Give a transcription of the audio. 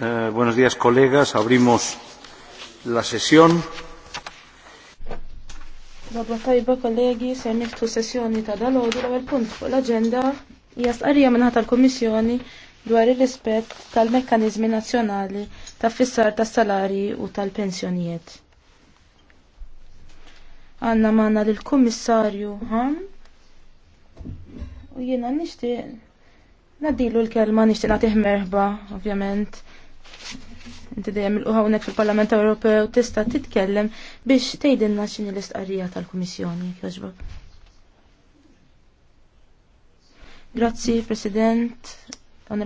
Eh, buenos días, colegas. Abrimos la sesión. Dabba tajba kollegi, se niftu sessjoni ta' dal-ħodu l-ewwel punt fuq l-aġenda hija stqarrija minn tal-Kummissjoni dwar ir-rispett tal-mekkaniżmi nazzjonali ta' fissar tas salari u tal-pensjonijiet. Għanna manna lill-Kummissarju ħan u jiena nixtieq nadilu l-kelma nixtieq nagħtih merħba, ovvjament. Inti dejjem il hawnhekk fil-Parlament Ewropew tista' titkellem biex tgħidilna x'inhi l-istqarrija tal-Kummissjoni jogħġbok. Grazzi, President,